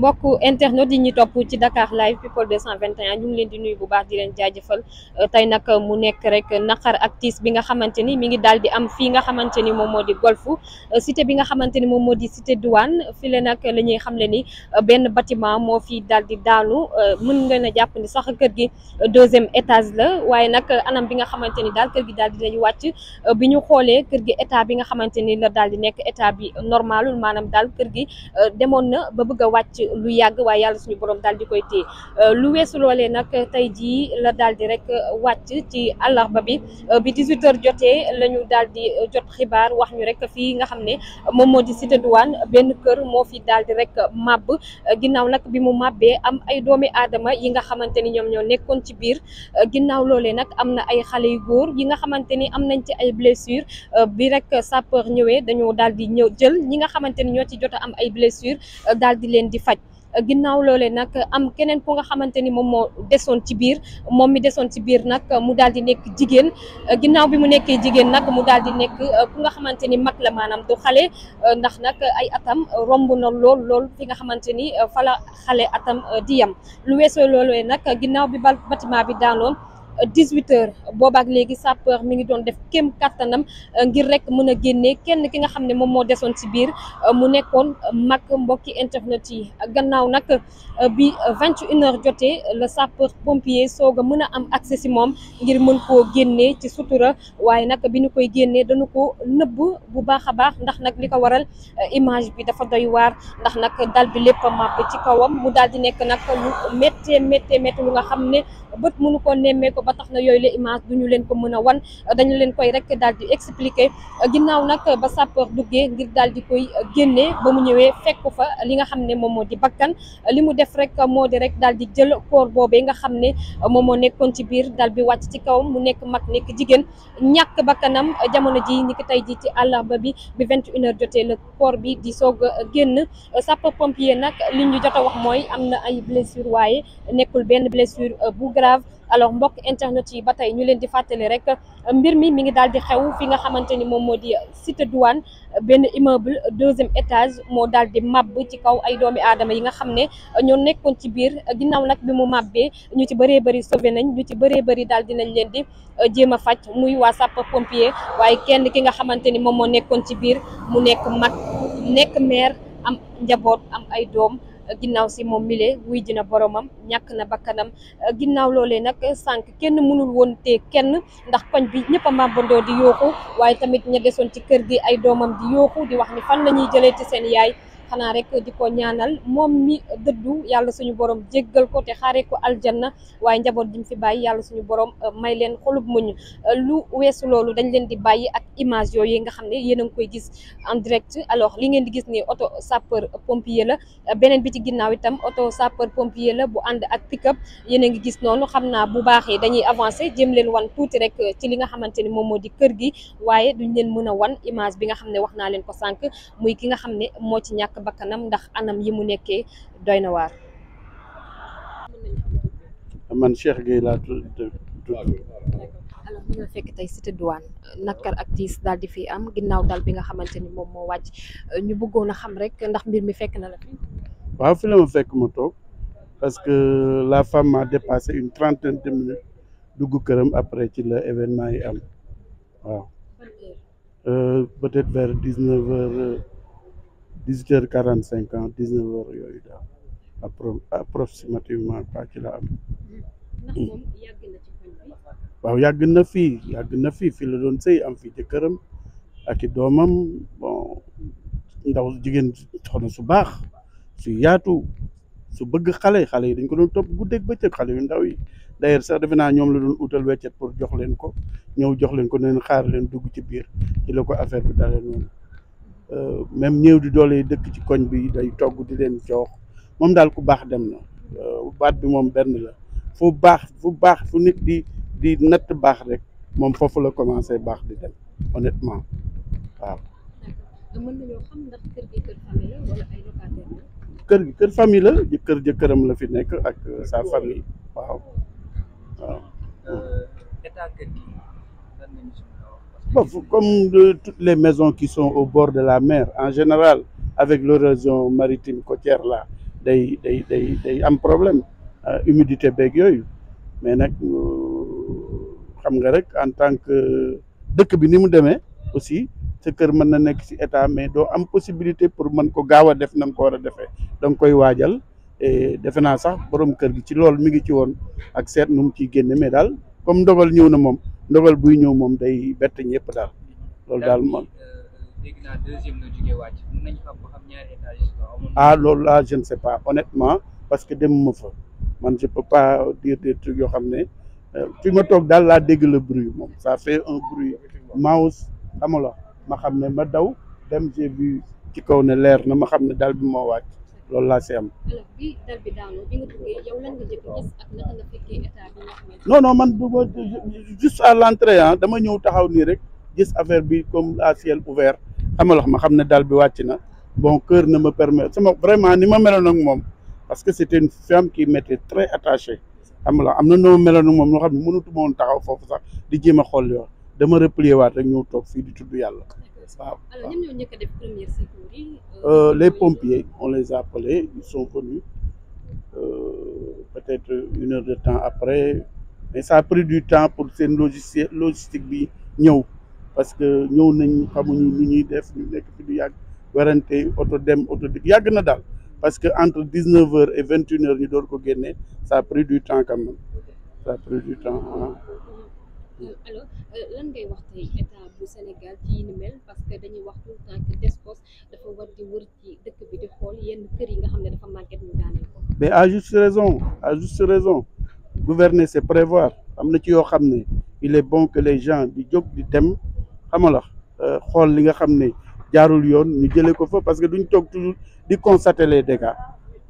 mbokk internet yi ñuy topp ci Dakar live people 221 ñu ngi leen di nuyu bu baax di leen jaajëfal euh, tey nag euh, mu nekk rek naqar ak tiis bi nga xamante ni mi ngi daal di am fii nga xamante ni moom moo di golf euh, cité bi nga xamante ni moom moo di cité douane fi la nag la ñuy xam le ni benn batiment moo fii daal di daanu mun ngeen a jàpp ni sax kër gi deuxième étage la waaye nag anam bi nga xamante ni daal kër gi dal di lañu wàcc bi ñu xoolee kër gi état bi nga xamante ni la daal di nekk état bi normalul maanaam daal kër gi demoon lu yàgg waa yàlla suñu borom daal di koy téye euh, lu weesu loolee nag tey jii la daal di rek euh, wàcc ci àllarba bi euh, bi 18 heures jotee la ñu daal di jot xibaar wax ñu rek fii nga xam ne moom moo di cité benn kër moo fi daal di rek màbb ginnaaw nag bi mu màbbee am ay doomi aadama yi nga xamante ni ñoom ñoo nekkoon ci biir ginnaaw loole nag am na ay xale yu góor yi nga xamante ni am nañ ci ay blessure bi rek sapeur ñëwee dañoo daal di ñëw jël ñi nga xamante ni ñoo ci jot am ay blessure ginnaaw loole nag am keneen ku nga xamante ni moom moo desoon ci biir moom mi desoon ci biir nag mu daal di nekk jigéen ginnaaw bi mu nekkee jigéen nag mu daal di nekk uh, ku nga xamante ni mag la maanaam du xale uh, ndax nag ay atam romb na lool lool fi nga xamante ni uh, fa xale atam di yam lu weesoo loolee nag ginnaaw bi bal bâtiment bi daanoon dix-huit heures boobaak léegi sapeur mi ngi doon def kem kattanam euh, ngir rek mën a génnee kenn ki nga xam ne moom moo desoon si biir euh, mu nekkoon mag mbokki internet yi gannaaw nag euh, bi vingt et une jotee le sapeur pompier soog a mën a am accès si moom ngir mën koo génnee ci sutura waaye nag bi ñu koy génnee danu ko nëbb bu baax a baax ndax nag li ko waral image bi dafa doy waar ndax nag dal bi lépp màpp ci kawam mu daal di nekk nag lu méttee méttee lu nga xam ne bët ko ba tax na yooyu la image du ñu leen ko mën a wan dañu leen koy rek daal di expliquer ginnaaw nag ba sapeur duggee ngir daal di koy génnee ba mu ñëwee fekk fa li nga xam ne moom moo di bakkan li mu def rek moo di rek daal di jël koor boobee nga xam ne moom moo nekkoon ci biir daal bi wàcc ci kawam mu nekk mag nekk jigéen ñàkk bakkanam jamono ji ni ki tey ji ci àllarba bi bi vingt une heure jotee la koor bi di soog génn sapeur pompier nag li ñu jot a wax mooy am na ay blessure nekkul benn bu grave alors mbokk internet yi ba tey ñu leen di fàttali rek mbir mi mi ngi daal di xew fi nga xamante ni moom moo di cité douane benn immeuble deuxième étage moo daal di màbb ci kaw ay doomi aadama yi nga xam ne ñoo nekkoon ci biir ginnaaw nag bi mu màbbee ñu ci bëree bëri sauvé nañ ñu ci bëree bëri daal dinañ leen di euh, jéem a faj muy waa sapeur pompier waaye kenn ki nga xamante ni moom moo nekkoon ci biir mu nekk mag nekk maire am njaboot am ay doom ginnaaw si moom mile wuy ji na boromam ñàkk na bakkanam ginnaaw loole nag sànq kenn mënul woon te kenn ndax koñ bi ñëpp a màbbandoo di yooxu waaye tamit ña desoon ci kër gi ay doomam di yooxu di wax ni fan la ñuy jëlee ci seen yaay xanaa rek di ko ñaanal moom mi dëddu yàlla suñu borom jéggal ko te xaaree ko aljanna waaye njaboot gi mu fi bàyyi yàlla suñu borom euh, may leen xolub muñ euh, lu weesu loolu dañ leen di bàyyi ak image yooyu nga xam ne yéen a ngi koy gis en direct alors li ngeen di gis ni auto sapeur pompier la euh, beneen bi ci ginnaaw itam auto sapeur pompier la bu ànd ak pick-up yéen a ngi gis noonu xam naa bu baaxee dañuy avancer jëm leen wan tuuti rek ci li nga xamante ni moom moo di kër gi waaye duñ leen mën a wan image bi nga xam ne wax naa leen ko sànq muy ki nga xam ne moo ci ñàkk nam ndax anam yi mu nekkee doy na waar. man Cheikh Gueye laa tudd. alors ñu fekk tey cité douane nakar ak tiis daal di fi am ginnaaw dal bi nga xamante ni moom moo wàcc ñu bëggoon a xam rek ndax mbir mi fekk na la waaw fi la ma fekk parce que la femme a dépassé une trentaine minutes dugg këram après ci la événement yi am waaw. Euh, peut vers dix-neuf heures. dix-huit heures quarante cinq ans dix-neuf heures yooyu daal approximativement quoi ci la am waaw yàgg na fii yàgg na fii fii la doon sëy am fii jëkkëram ak i doomam bon ndaw jigéen soxna su baax su yaatu su bëgg xale xale yi dañ ko doon topp ba bëccëg xale yu ndaw yi d'ailleurs sax defe naa ñoom la doon utal weccet pour jox leen ko ñëw jox leen ko neen xaar leen dugg ci biir ci la ko affaire bi dalee noonu Euh, même ñëw di doole dëkk ci koñ bi day togg di leen jox moom daal ku baax dem na euh, baat bi moom benn la fu baax fu baax fu nit di di natt baax rek moom foofu la commencé baax di dem honnêtement waaw. kër gi kër famille la kër gi kër la fi nekk ak euh, sa famille waaw waaw. Bon, comme toutes les maisons qui sont au bord de la mer en général avec l'érosion maritime côtière la day day day day am problème euh, humidité beeg yooyu mais nag euh, xam nga rek en tant que dëkk bi ni mu demee aussi sa kër mën na nekk ci état mais doo am possibilité pour mën ko gaaw a def na nga ko war a defee da koy waajal e defe naa sax borom kër gi ci loolu mu ngi ci woon ak seet nu mu ciy génne mais daal comme ndogal ñëw na moom. ndogal buy ñëw moom day bett ñëpp daal loolu daal euh, moom ah loolu laa je ne sais pas honnêtement parce que demuma fa man je peux pas dire des trucs yoo xam ne euh, fi ma toog daal la dégg le bruit moom sa fait un bruit mouse amala ma xam ne ma daw dem j'ai vu ci kaw ne leer na ma xam ne daal bi moo wàcc loolu laa si am. non man juste à l'entrée ah dama ñëw taxaw nii rek gis affaire bi comme à ciel ouvert xam nga ma xam ne dal bi wàcc na bon cœur ne me permet sama vraiment ni ma meloon ak moom parce que c'était une femme qui m'était très attachée xam la am na noo meloon ak moom loo xam ne mënatu ma woon taxaw foofu sax di jéem a xool yoon dama replier waat rek ñëw toog fii di tudd yàlla. waaw alors euh, euh, les pompiers on les a appelés ils sont venus euh, peut-être une heure de temps après mais ça a pris du temps pour seen logistique bi ñëw parce que ñëw nañ xamuñu lu ñuy def ñu nekk fi du yàgg werante oto dem oto dikk yàgg na daal parce que entre dix neuf heures et vingt une ñu door ko génne ça a pris du temps quand même ça pris du temps Euh, alors lan ngay wax tey parce que dañuy wax dafa war di wër ci dëkk bi di xool yenn kër yi nga xam ne dafa màgget ñu daaneel ko. mais à juste raison à juste raison gouverner c'est prévoir am na ci yoo xam ne il est bon que les gens di jóg di dem xamala euh, xool li nga xam ne jaarul yoon ñu jëlee ko fa parce que duñ toog toujours di constater les dégâts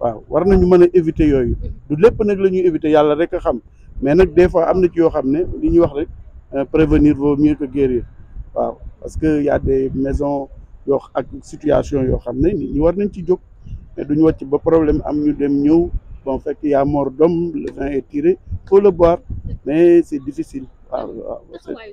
waaw war nañu mën a éviter yooyu du lépp nag la ñuy éviter yàlla rek a xam. mais nag des fois am na ci yoo xam ne li ñu wax rek euh, prévenir vaut mieux que guérir waaw parce que y a des ak situation yoo xam ne nit ñi war nañ ci jóg mais duñu wàcc ba problème am ñu dem ñëw bon fekk y a mort d'homme le vin est tiré faut le boire mais c'est difficile waaw waaw euh,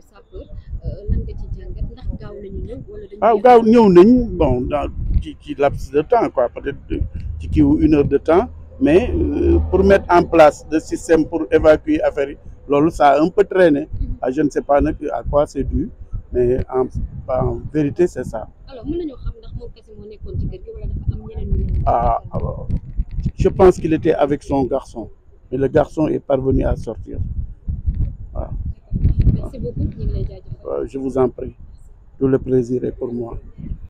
ah, gaaw ñëw nañ bon dans ci ci laps de temps quoi peut-être ci kiiwu une heure de temps mais euh, pour mettre en place le système pour évacuer affaire yi loolu ça a un peu traîné ah je ne sais pas nag à quoi c'est dû mais en en vérité c'est ça. alors mën nañoo xam ndax moom kese moo nekkoon ci kër gi wala dafa am ñeneen ñu. ah alors je pense qu'il était avec son garçon mais le garçon est parvenu à sortir waaw. Merci beaucoup. Euh, je vous en prie. Tout le plaisir est pour moi.